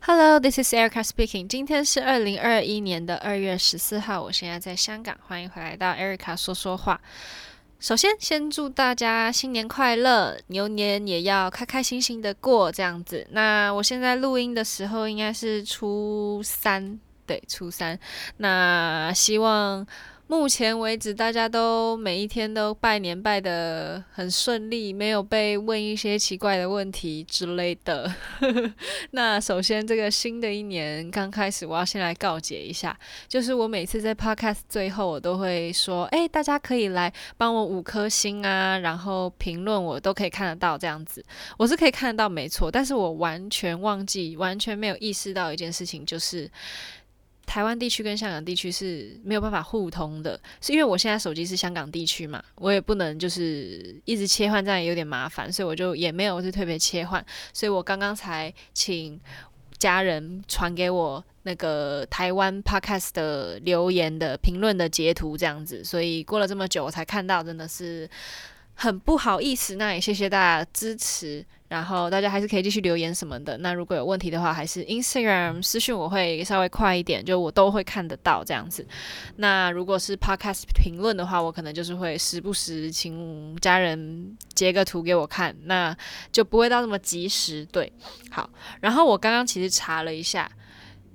Hello, this is Erica speaking. 今天是二零二一年的二月十四號，我現在在香港，歡迎回來到 Erica 說說話。首先，先祝大家新年快樂，牛年也要開開心心的過，這樣子。那我現在錄音的時候應該是初三，對，初三。那希望。目前為止，大家都每一天都拜年拜的很順利，沒有被問一些奇怪的問題之類的。 那首先，這個新的一年剛開始，我要先來告誡一下，就是我每次在 Podcast 最後，我都會說：“誒、欸，大家可以來幫我五顆星啊，然後評論我都可以看得到。”這樣子，我是可以看得到，沒錯。但是我完全忘記，完全沒有意識到一件事情，就是。台灣地區跟香港地區是沒有辦法互通的，是因為我現在手機是香港地區嘛，我也不能就是一直切換，這樣也有點麻煩，所以我就也沒有是特別切換，所以我剛剛才請家人傳給我那個台灣 Podcast 的留言的評論的截圖這樣子，所以過了這麼久我才看到，真的是很不好意思，那也謝謝大家支持。然後大家還是可以繼續留言什麼的。那如果有問題的話，還是 Instagram 私信，我會稍微快一點，就我都會看得到這樣子。那如果是 podcast 評論的話，我可能就是會時不時請家人截個圖給我看，那就不會到那麼及時。對，好。然後我剛剛其實查了一下。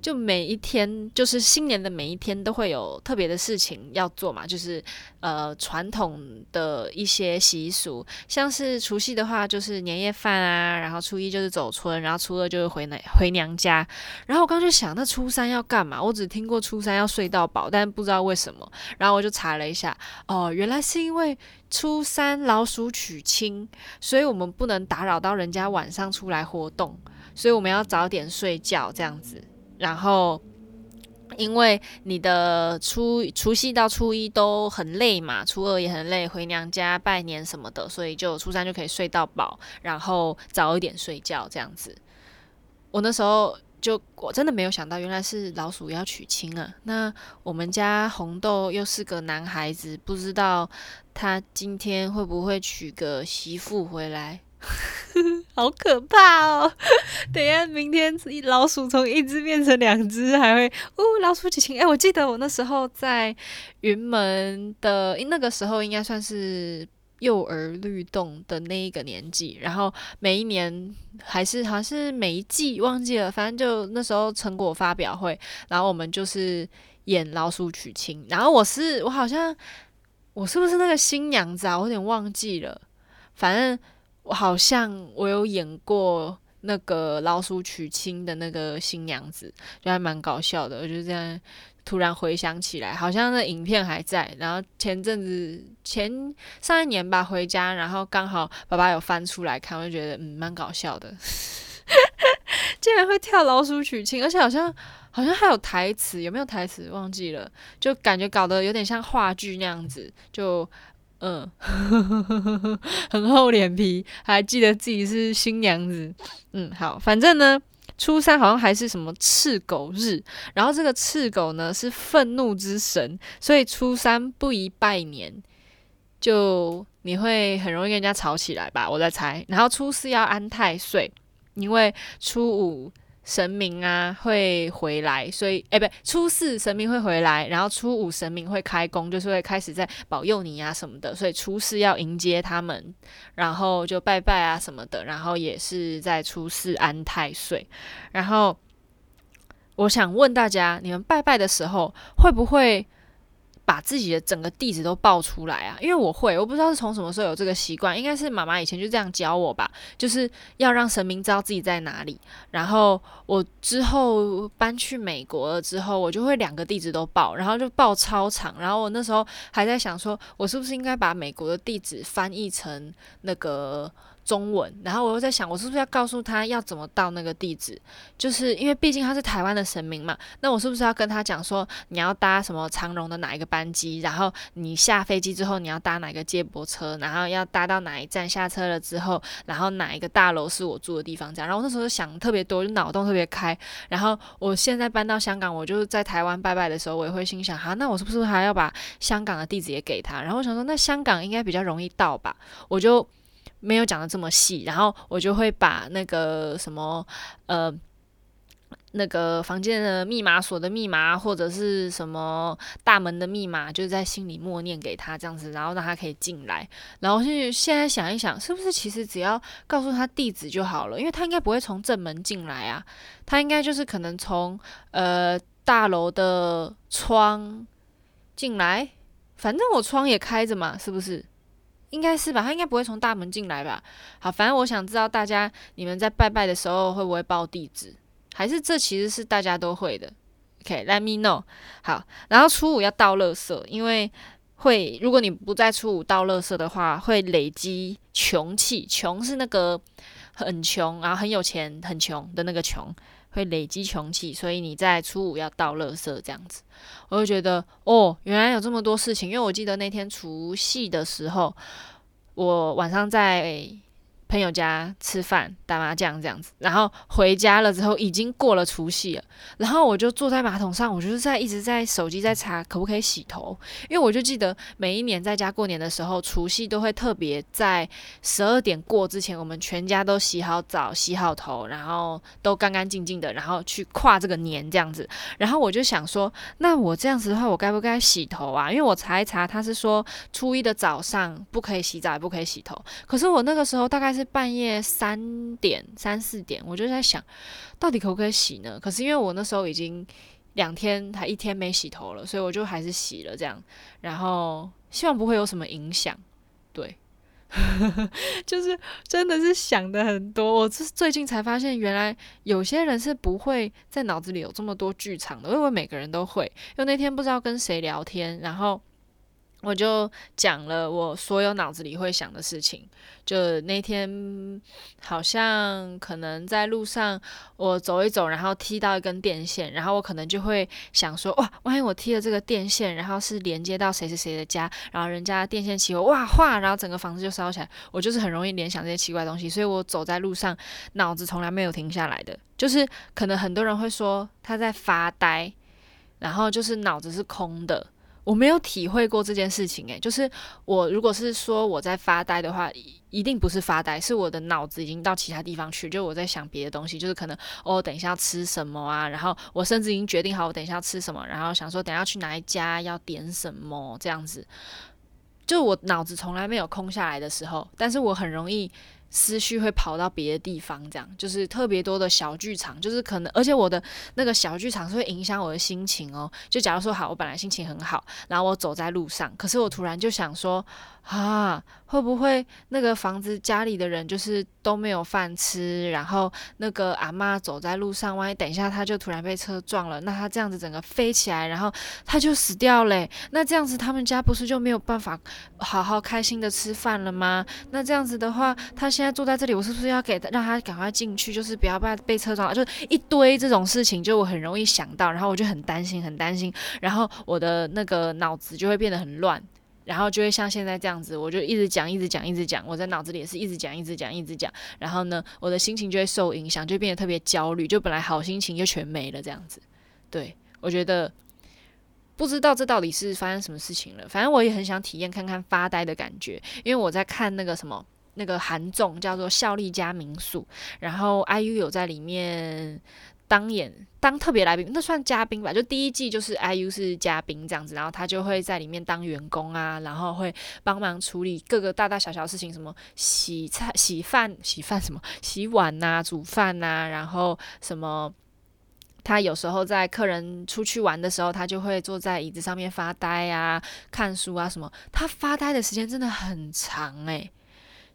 就每一天，就是新年的每一天都會有特別的事情要做嘛，就是呃傳統的一些習俗，像是除夕的話就是年夜飯啊，然後初一就是走春，然後初二就是回奶回娘家，然後我剛就想，那初三要幹嘛？我只聽過初三要睡到飽，但不知道為什麼。然後我就查了一下，哦，原來是因為初三老鼠娶親，所以我們不能打擾到人家晚上出來活動，所以我們要早點睡覺這樣子。然後，因為你的初除夕到初一都很累嘛，初二也很累，回娘家拜年什麼的，所以就初三就可以睡到飽，然後早一點睡覺這樣子。我那時候就我真的沒有想到，原來是老鼠要娶親啊！那我們家紅豆又是個男孩子，不知道他今天會不會娶個媳婦回來？ 好可怕哦！ 等一下，明天一老鼠從一隻變成兩隻，還會嗚老鼠娶親。誒、欸，我記得我那時候在雲門的因那個時候，應該算是幼兒律動的那一個年紀。然後每一年還是好像是每一季忘記了，反正就那時候成果發表會，然後我們就是演老鼠娶親。然後我是我好像我是不是那個新娘子啊？我有點忘記了，反正。我好像我有演過那個老鼠娶親的那個新娘子，就還蠻搞笑的。我就這樣突然回想起來，好像那影片還在。然後前陣子前上一年吧回家，然後剛好爸爸有翻出來看，我就覺得嗯蠻搞笑的， 竟然會跳老鼠娶親，而且好像好像還有台詞，有沒有台詞忘記了？就感覺搞得有點像話劇那樣子，就。嗯， 很厚臉皮，還記得自己是新娘子。嗯，好，反正呢，初三好像還是什麼赤狗日，然後這個赤狗呢是憤怒之神，所以初三不宜拜年，就你會很容易跟人家吵起來吧，我在猜。然後初四要安太歲，因為初五。神明啊會回來，所以哎，欸、不對，初四神明會回來，然後初五神明會開工，就是會開始在保佑你啊什麼的，所以初四要迎接他們，然後就拜拜啊什麼的，然後也是在初四安太歲。然後我想問大家，你們拜拜的時候會不會？把自己的整個地址都報出來啊，因為我會，我不知道是從什麼時候有這個習慣，應該是媽媽以前就這樣教我吧，就是要讓神明知道自己在哪裡。然後我之後搬去美國了之後，我就會兩個地址都報，然後就報超長。然後我那時候還在想，說我是不是應該把美國的地址翻譯成那個。中文，然後我又在想，我是不是要告訴他要怎麼到那個地址？就是因為畢竟他是台灣的神明嘛，那我是不是要跟他講說，你要搭什麼長榮的哪一個班機，然後你下飛機之後你要搭哪個接駁車，然後要搭到哪一站下車了之後，然後哪一個大樓是我住的地方這樣。然後我那時候想特別多，就腦洞特別開。然後我現在搬到香港，我就是在台灣拜拜的時候，我也會心想，哈、啊，那我是不是還要把香港的地址也給他？然後我想說，那香港應該比較容易到吧，我就。沒有講得這麼細，然後我就會把那個什麼，呃，那個房間的密碼鎖的密碼或者是什麼大門的密碼，就是在心裡默念給他這樣子，然後讓他可以進來，然後去現在想一想，是不是其實只要告訴他地址就好了，因為他應該不會從正門進來啊，他應該就是可能從呃大樓的窗進來，反正我窗也開着嘛，是不是？應該是吧，他應該不會從大門進來吧。好，反正我想知道大家你們在拜拜的時候會不會報地址，還是這其實是大家都會的？OK，Let me know。好，然後初五要倒垃圾，因為會如果你不在初五倒垃圾的話，會累積窮氣。窮是那個很窮，然後很有錢，很窮的那個窮。會累積窮氣，所以你在初五要倒垃圾這樣子，我就覺得哦，原來有這麼多事情。因為我記得那天除夕的時候，我晚上在。朋友家吃飯、打麻將這樣子，然後回家了之後，已經過了除夕了。然後我就坐在馬桶上，我就是在一直在手機在查可不可以洗頭，因為我就記得每一年在家過年的時候，除夕都會特別在十二點過之前，我們全家都洗好澡、洗好頭，然後都乾乾淨淨的，然後去跨這個年這樣子。然後我就想說，那我這樣子的話，我該不該洗頭啊？因為我查一查，他是說初一的早上不可以洗澡，也不可以洗頭。可是我那個時候大概是。是半夜三點、三四點，我就在想，到底可不可以洗呢？可是因為我那時候已經兩天、還一天沒洗頭了，所以我就還是洗了這樣，然後希望不會有什麼影響。對， 就是真的是想得很多。我最近才發現，原來有些人是不會在腦子裡有這麼多劇場的，我以為每個人都會。因為那天不知道跟誰聊天，然後。我就講了我所有腦子裡會想的事情，就那天好像可能在路上我走一走，然後踢到一根電線，然後我可能就會想說，哇，萬一我踢了這個電線，然後是連接到誰誰誰的家，然後人家電線起火，哇，然後整個房子就燒起來，我就是很容易聯想這些奇怪的東西，所以我走在路上腦子從來沒有停下來的就是，可能很多人會說他在發呆，然後就是腦子是空的。我沒有體會過這件事情欸，就是我如果是說我在發呆的話，一定不是發呆，是我的腦子已經到其他地方去，就我在想別的東西，就是可能哦，等一下要吃什麼啊，然後我甚至已經決定好我等一下要吃什麼，然後想說等一下去哪一家要點什麼這樣子，就我腦子從來沒有空下來的時候，但是我很容易。思緒會跑到別的地方，這樣就是特別多的小劇場，就是可能，而且我的那個小劇場是會影響我的心情哦。就假如說，好，我本來心情很好，然後我走在路上，可是我突然就想說，啊。會不會那個房子家裡的人就是都沒有飯吃？然後那個阿嬤走在路上，萬一等一下他就突然被車撞了，那他這樣子整個飛起來，然後他就死掉嘞。那這樣子他們家不是就沒有辦法好好開心的吃飯了嗎？那這樣子的話，他現在坐在這裡，我是不是要給他讓他趕快進去，就是不要被被車撞了，就一堆這種事情，就我很容易想到，然後我就很擔心，很擔心，然後我的那個腦子就會變得很亂。然後就會像現在這樣子，我就一直講，一直講，一直講。我在腦子裡也是一直講，一直講，一直講。然後呢，我的心情就會受影響，就變得特別焦慮，就本來好心情就全沒了這樣子。對，我覺得不知道這到底是發生什麼事情了，反正我也很想體驗看看發呆的感覺，因為我在看那個什麼那個韓綜叫做《孝利家民宿》，然後 IU 有在裡面。當演當特別來賓，那算嘉賓吧。就第一季就是 IU 是嘉賓這樣子，然後他就會在裡面當員工啊，然後會幫忙處理各個大大小小事情，什麼洗菜、洗飯、洗飯什麼、洗碗吶、啊、煮飯吶、啊，然後什麼。他有時候在客人出去玩的時候，他就會坐在椅子上面發呆啊、看書啊什麼。他發呆的時間真的很長哎、欸。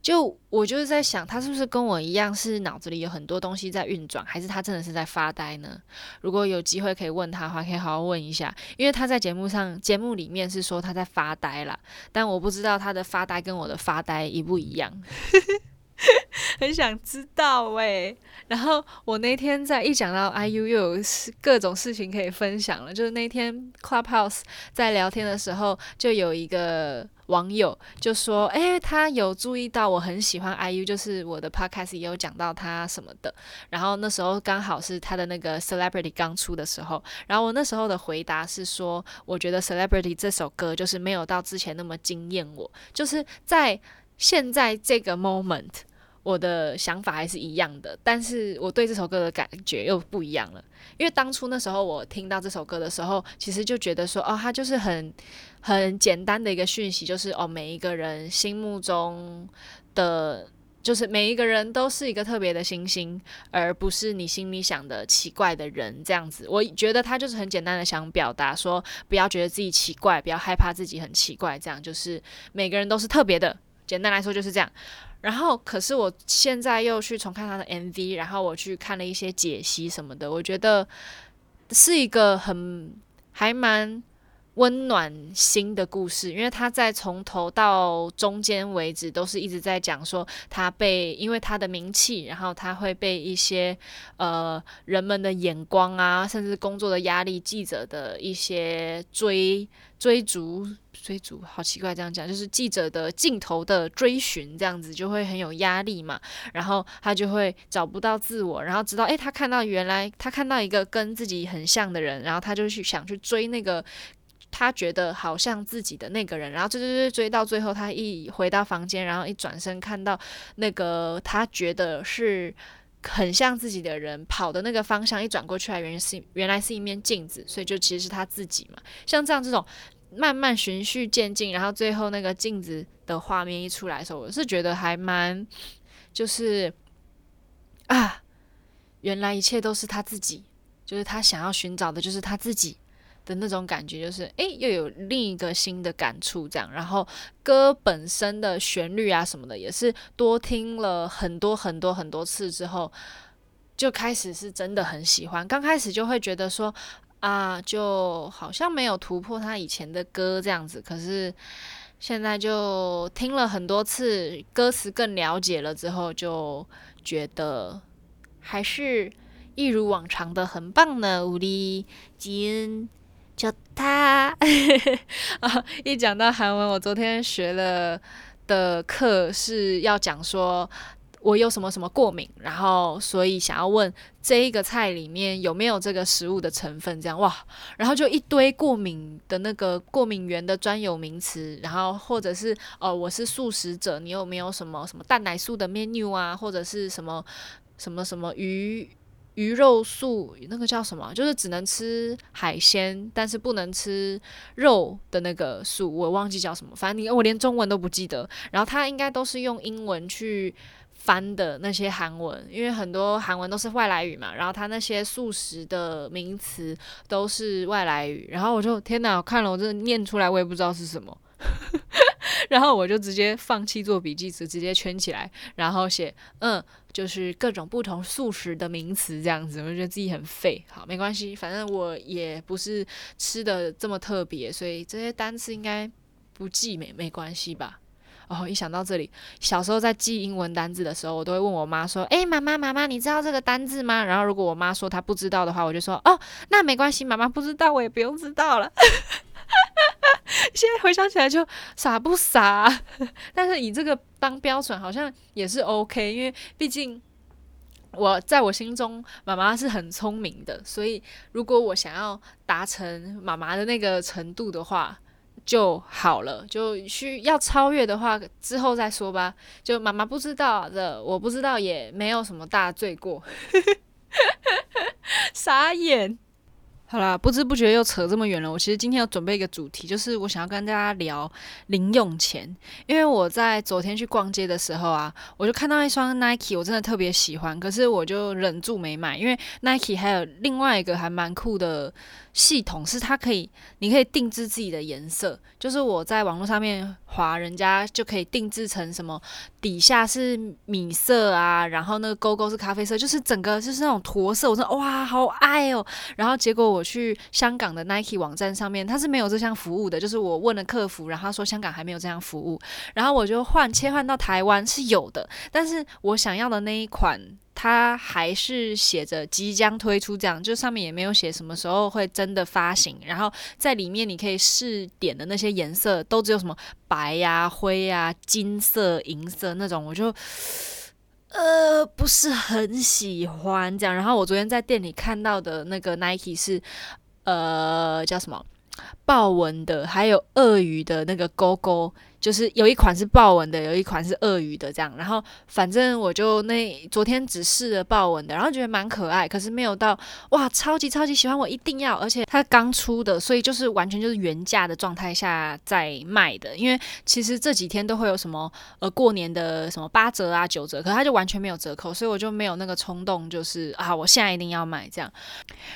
就我就是在想，他是不是跟我一樣，是腦子裡有很多東西在運轉，還是他真的是在發呆呢？如果有機會可以問他的話，可以好好問一下，因為他在節目上節目裡面是說他在發呆啦，但我不知道他的發呆跟我的發呆一不一樣， 很想知道誒、欸，然後我那天在一講到 IU 又有各種事情可以分享了，就是那天 Clubhouse 在聊天的時候就有一個。網友就說：“誒，他有注意到我很喜歡 IU，就是我的 podcast 也有講到他什麼的。然後那時候剛好是他的那個《Celebrity》剛出的時候。然後我那時候的回答是說：我覺得《Celebrity》這首歌就是沒有到之前那麼驚艷。我就是在現在這個 moment，我的想法還是一樣的，但是我對這首歌的感覺又不一樣了。因為當初那時候我聽到這首歌的時候，其實就覺得說：哦，他就是很。”很簡單的一個訊息，就是哦，每一個人心目中的，就是每一個人都是一個特別的星星，而不是你心裡想的奇怪的人這樣子。我覺得他就是很簡單的想表達說，不要覺得自己奇怪，不要害怕自己很奇怪，這樣就是每個人都是特別的。簡單來說就是這樣。然後，可是我現在又去重看他的 MV，然後我去看了一些解析什麼的，我覺得是一個很還蠻。溫暖心的故事，因為他在從頭到中間為止都是一直在講說，他被，因為他的名氣，然後他會被一些呃人們的眼光啊，甚至工作的壓力、記者的一些追追逐、追逐，好奇怪這樣講，就是記者的鏡頭的追尋這樣子，就會很有壓力嘛，然後他就會找不到自我，然後直到誒，他看到，原來他看到一個跟自己很像的人，然後他就去想去追那個，他覺得好像自己的那個人，然後追追追追到最後，他一回到房間，然後一轉身看到那個他覺得是很像自己的人跑的那個方向，一轉過去還原是原來是一面鏡子，所以就其實是他自己嘛。像這樣這種慢慢循序漸進，然後最後那個鏡子的畫面一出來的時候，我是覺得還蠻就是啊，原來一切都是他自己，就是他想要尋找的就是他自己。的那種感覺就是，誒、欸，又有另一個新的感觸，這樣。然後歌本身的旋律啊什麼的，也是多聽了很多很多很多次之後，就開始是真的很喜歡。剛開始就會覺得說，啊，就好像沒有突破他以前的歌這樣子。可是現在就聽了很多次，歌詞更了解了之後，就覺得還是一如往常的很棒呢。烏力吉恩。就他啊！ 一講到韓文，我昨天學了的課是要講說，我有什麼什麼過敏，然後所以想要問這一個菜裡面有沒有這個食物的成分，這樣哇，然後就一堆過敏的那個過敏原的專有名詞，然後或者是呃，我是素食者，你有沒有什麼什麼蛋奶素的 menu 啊，或者是什麼什麼什麼魚。魚肉素那個叫什麼？就是只能吃海鮮，但是不能吃肉的那個素，我忘記叫什麼。反正你我連中文都不記得。然後它應該都是用英文去翻的那些韓文，因為很多韓文都是外來語嘛。然後它那些素食的名詞都是外來語。然後我就天哪，我看了我真的念出來，我也不知道是什麼。 然後我就直接放棄做筆記詞，詞直接圈起來，然後寫嗯，就是各種不同素食的名詞這樣子，我覺得自己很廢。好，沒關係，反正我也不是吃的這麼特別，所以這些單詞應該不記沒沒關係吧。哦，一想到這裡，小時候在記英文單字的時候，我都會問我媽說，誒，媽媽，媽媽，你知道這個單字嗎？然後如果我媽說她不知道的話，我就說，哦，那沒關係，媽媽不知道，我也不用知道了。 哈哈， 現在回想起來就傻不傻、啊，但是以這個當標準好像也是 OK，因為畢竟我在我心中媽媽是很聰明的，所以如果我想要達成媽媽的那個程度的話就好了，就需要超越的話之後再說吧。就媽媽不知道的，我不知道也沒有什麼大罪過，傻眼。好啦，不知不覺又扯這麼遠了。我其實今天要準備一個主題，就是我想要跟大家聊零用錢。因為我在昨天去逛街的時候啊，我就看到一雙 Nike，我真的特別喜歡，可是我就忍住沒買。因為 Nike 還有另外一個還蠻酷的系統，是它可以，你可以定製自己的顏色。就是我在網絡上面劃，人家就可以定製成什麼。底下是米色啊，然後那個勾勾是咖啡色，就是整個就是那種駝色。我說哇，好愛哦。然後結果我去香港的 Nike 網站上面，它是沒有這項服務的。就是我問了客服，然後他說香港還沒有這項服務。然後我就換切換到台灣是有的，但是我想要的那一款。它還是寫着即將推出這樣，就上面也沒有寫什麼時候會真的發行。然後在裡面你可以試點的那些顏色都只有什麼白呀、啊、灰呀、啊、金色、銀色那種，我就呃不是很喜歡這樣。然後我昨天在店裡看到的那個 Nike 是呃叫什麼豹紋的，還有鱷魚的那個勾勾。就是有一款是豹紋的，有一款是鱷魚的這樣，然後反正我就那昨天只試了豹紋的，然後覺得蠻可愛，可是沒有到哇超級超級喜歡我一定要，而且它剛出的，所以就是完全就是原價的狀態下在賣的，因為其實這幾天都會有什麼呃過年的什麼八折啊九折，可它就完全沒有折扣，所以我就沒有那個衝動，就是啊我現在一定要買這樣。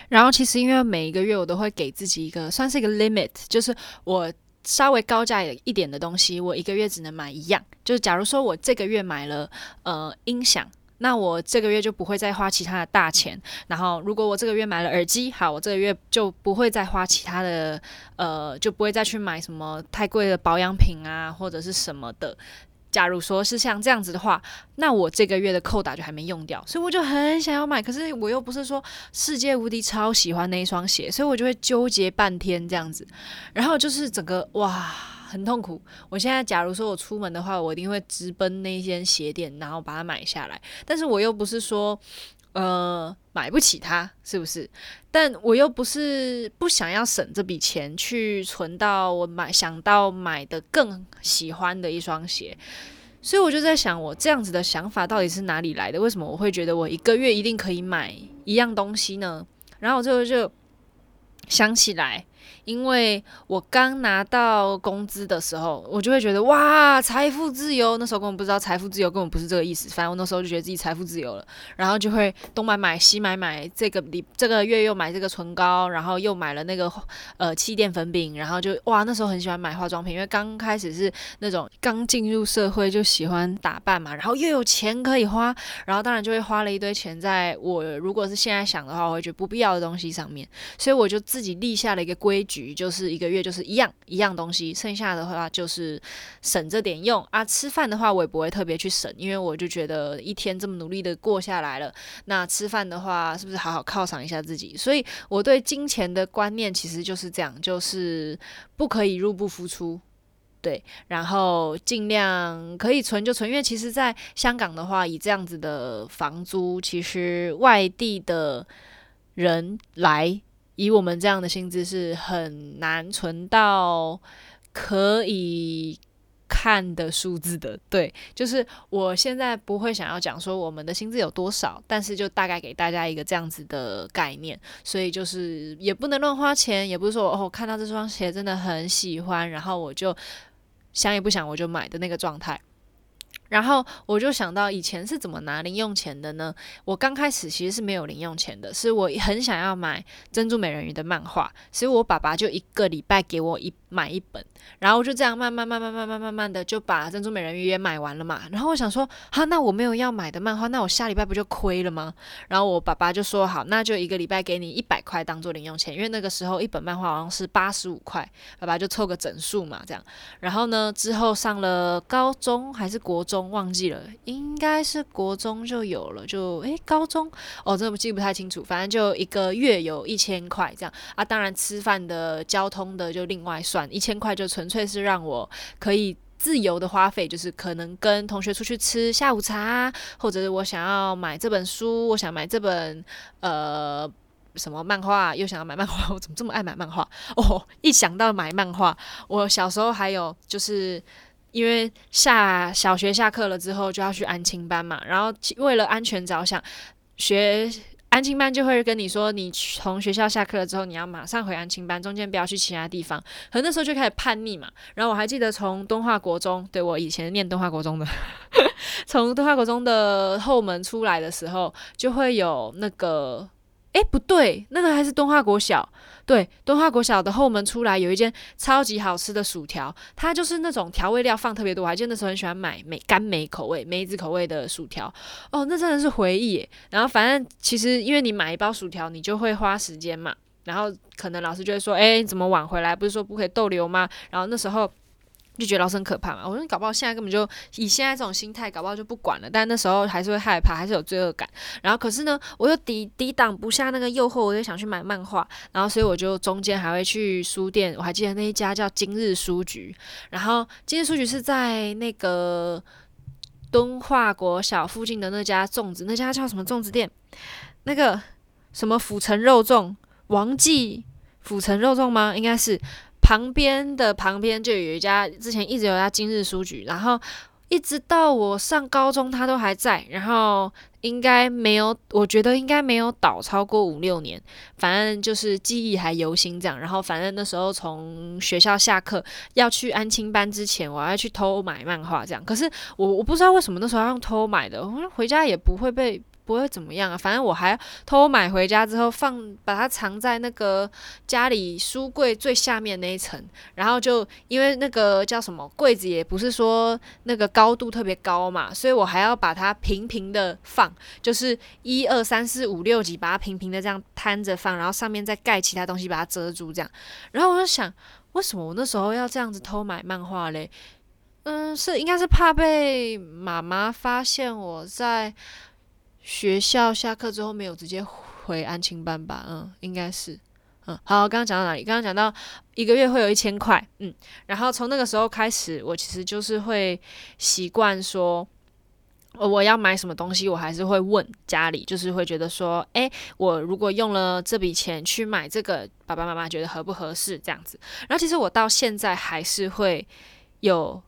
然後其實因為每一個月我都會給自己一個算是一個 limit，就是我。稍微高價一點的東西，我一個月只能買一樣。就是假如說我這個月買了呃音響，那我這個月就不會再花其他的大錢。然後如果我這個月買了耳機，好，我這個月就不會再花其他的，呃，就不會再去買什麼太貴的保養品啊，或者是什麼的。假如說是像這樣子的話，那我這個月的扣打就還沒用掉，所以我就很想要買。可是我又不是說世界無敵超喜歡那一雙鞋，所以我就會糾結半天這樣子，然後就是整個哇很痛苦。我現在假如說我出門的話，我一定會直奔那間鞋店，然後把它買下來。但是我又不是說。呃，買不起它是不是？但我又不是不想要省這筆錢去存到我買想到買的更喜歡的一雙鞋，所以我就在想，我這樣子的想法到底是哪裡來的？為什麼我會覺得我一個月一定可以買一樣東西呢？然後我最後就想起來。因為我剛拿到工資的時候，我就會覺得哇，財富自由。那時候根本不知道財富自由根本不是這個意思。反正我那時候就覺得自己財富自由了，然後就會東買買西買買，這個禮這個月又買這個唇膏，然後又買了那個呃氣墊粉餅，然後就哇，那時候很喜歡買化妝品，因為剛開始是那種剛進入社會就喜歡打扮嘛，然後又有錢可以花，然後當然就會花了一堆錢在我如果是現在想的話，我會覺得不必要的東西上面。所以我就自己立下了一個規矩。局就是一個月就是一樣一樣東西，剩下的話就是省着點用啊。吃飯的話我也不會特別去省，因為我就覺得一天這麼努力的過下來了，那吃飯的話是不是好好犒賞一下自己？所以我對金錢的觀念其實就是這樣，就是不可以入不敷出，對，然後盡量可以存就存，因為其實在香港的話，以這樣子的房租，其實外地的人來。以我們這樣的薪資是很難存到可以看的數字的，對，就是我現在不會想要講說我們的薪資有多少，但是就大概給大家一個這樣子的概念，所以就是也不能亂花錢，也不是說我，哦，看到這雙鞋真的很喜歡，然後我就想也不想我就買的那個狀態。然後我就想到以前是怎麼拿零用錢的呢？我剛開始其實是沒有零用錢的，是我很想要買《珍珠美人魚》的漫畫，所以我爸爸就一個禮拜給我一買一本，然後我就這樣慢慢慢慢慢慢慢慢的就把《珍珠美人魚》也買完了嘛。然後我想說，啊，那我沒有要買的漫畫，那我下禮拜不就虧了嗎？然後我爸爸就說好，那就一個禮拜給你一百塊當做零用錢，因為那個時候一本漫畫好像是八十五塊，爸爸就湊個整數嘛這樣。然後呢，之後上了高中還是國中。忘記了，應該是國中就有了，就誒，高中哦，真的記不太清楚，反正就一個月有一千塊這樣啊。當然，吃飯的、交通的就另外算，一千塊就純粹是讓我可以自由的花費，就是可能跟同學出去吃下午茶，或者是我想要買這本書，我想買這本呃什麼漫畫，又想要買漫畫，我怎麼這麼愛買漫畫？哦，一想到買漫畫，我小時候還有就是。因為下小學下課了之後就要去安親班嘛，然後為了安全着想，學安親班就會跟你說，你從學校下課了之後，你要馬上回安親班，中間不要去其他地方。可能那時候就開始叛逆嘛，然後我還記得從敦化國中，對，我以前念敦化國中的， 從敦化國中的後門出來的時候，就會有那個。哎，欸、不對，那個還是敦化國小。對，敦化國小的後門出來有一間超級好吃的薯條，它就是那種調味料放特別多。我還記得那時候很喜歡買梅乾梅口味、梅子口味的薯條。哦，那真的是回憶耶。然後反正其實因為你買一包薯條，你就會花時間嘛。然後可能老師就會說：“哎、欸，你怎麼晚回來？不是說不可以逗留嗎？”然後那時候。就覺得老師很可怕嘛，我說你搞不好現在根本就以現在這種心態，搞不好就不管了。但那時候還是會害怕，還是有罪惡感。然後可是呢，我又抵抵擋不下那個誘惑，我又想去買漫畫。然後所以我就中間還會去書店，我還記得那一家叫今日書局。然後今日書局是在那個敦化國小附近的那家粽子，那家叫什麼粽子店？那個什麼府城肉粽，王記府城肉粽嗎？應該是。旁邊的旁邊就有一家，之前一直有一家今日書局，然後一直到我上高中，它都還在。然後應該沒有，我覺得應該沒有倒超過五六年，反正就是記憶還猶新這樣。然後反正那時候從學校下課要去安親班之前，我要去偷買漫畫這樣。可是我我不知道為什麼那時候要用偷買的，回家也不會被。不會怎麼樣啊，反正我還偷買回家之後放，把它藏在那個家裡書櫃最下面那一層，然後就因為那個叫什麼櫃子也不是說那個高度特別高嘛，所以我還要把它平平的放，就是一二三四五六幾，把它平平的這樣攤着放，然後上面再蓋其他東西把它遮住這樣。然後我就想，為什麼我那時候要這樣子偷買漫畫嘞？嗯，是應該是怕被媽媽發現我在。學校下課之後沒有直接回安親班吧？嗯，應該是。嗯，好，剛剛講到哪裡？剛剛講到一個月會有一千塊。嗯，然後從那個時候開始，我其實就是會習慣說，我要買什麼東西，我還是會問家裡，就是會覺得說，誒、欸，我如果用了這筆錢去買這個，爸爸媽媽覺得合不合適？這樣子。然後其實我到現在還是會有。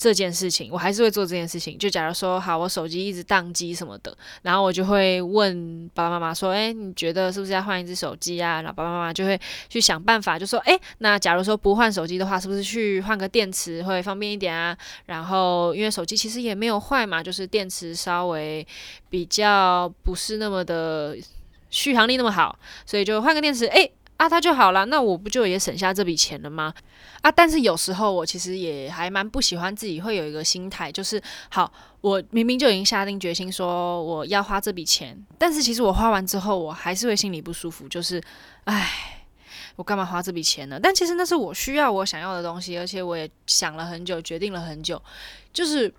這件事情我還是會做這件事情。就假如說好，我手機一直當機什麼的，然後我就會問爸爸媽媽說：“哎，你覺得是不是要換一支手機啊？”然後爸爸媽媽就會去想辦法，就說：“哎，那假如說不換手機的話，是不是去換個電池會方便一點啊？”然後因為手機其實也沒有壞嘛，就是電池稍微比較不是那麼的續航力那麼好，所以就換個電池。哎。啊，他就好了，那我不就也省下這筆錢了嗎？啊，但是有時候我其實也還蠻不喜歡自己會有一個心態，就是好，我明明就已經下定決心說我要花這筆錢，但是其實我花完之後，我還是會心裡不舒服，就是，唉，我幹嘛花這筆錢呢？但其實那是我需要、我想要的東西，而且我也想了很久，決定了很久，就是。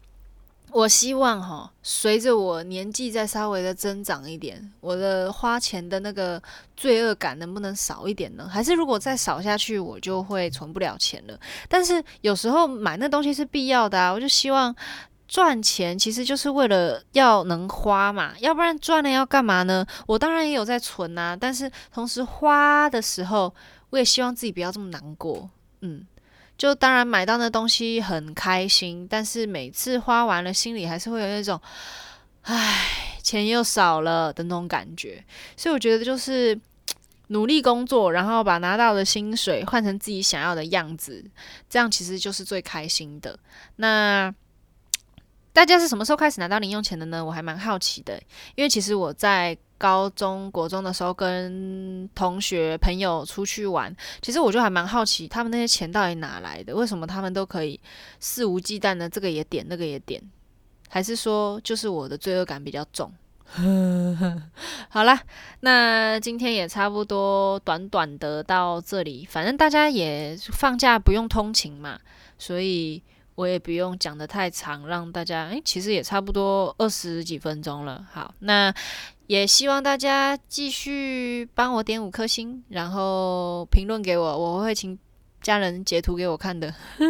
我希望哈，隨着我年紀再稍微的增長一點，我的花錢的那個罪惡感能不能少一點呢？還是如果再少下去，我就會存不了錢了。但是有時候買那東西是必要的啊，我就希望賺錢其實就是為了要能花嘛，要不然賺了要幹嘛呢？我當然也有在存啊，但是同時花的時候，我也希望自己不要這麼難過，嗯。就當然買到那東西很開心，但是每次花完了，心裡還是會有那種，唉，錢又少了的那種感覺。所以我覺得就是努力工作，然後把拿到的薪水換成自己想要的樣子，這樣其實就是最開心的。那大家是什麼時候開始拿到零用錢的呢？我還蠻好奇的，因為其實我在。高中、國中的時候，跟同學朋友出去玩，其實我就還蠻好奇，他們那些錢到底哪來的？為什麼他們都可以肆無忌憚的，這個也點，那個也點？還是說，就是我的罪惡感比較重？ 好啦，那今天也差不多，短短的到這裡，反正大家也放假，不用通勤嘛，所以。我也不用講得太長，讓大家、欸、其實也差不多二十幾分鐘了。好，那也希望大家繼續幫我點五顆星，然後評論給我，我會請家人截圖給我看的。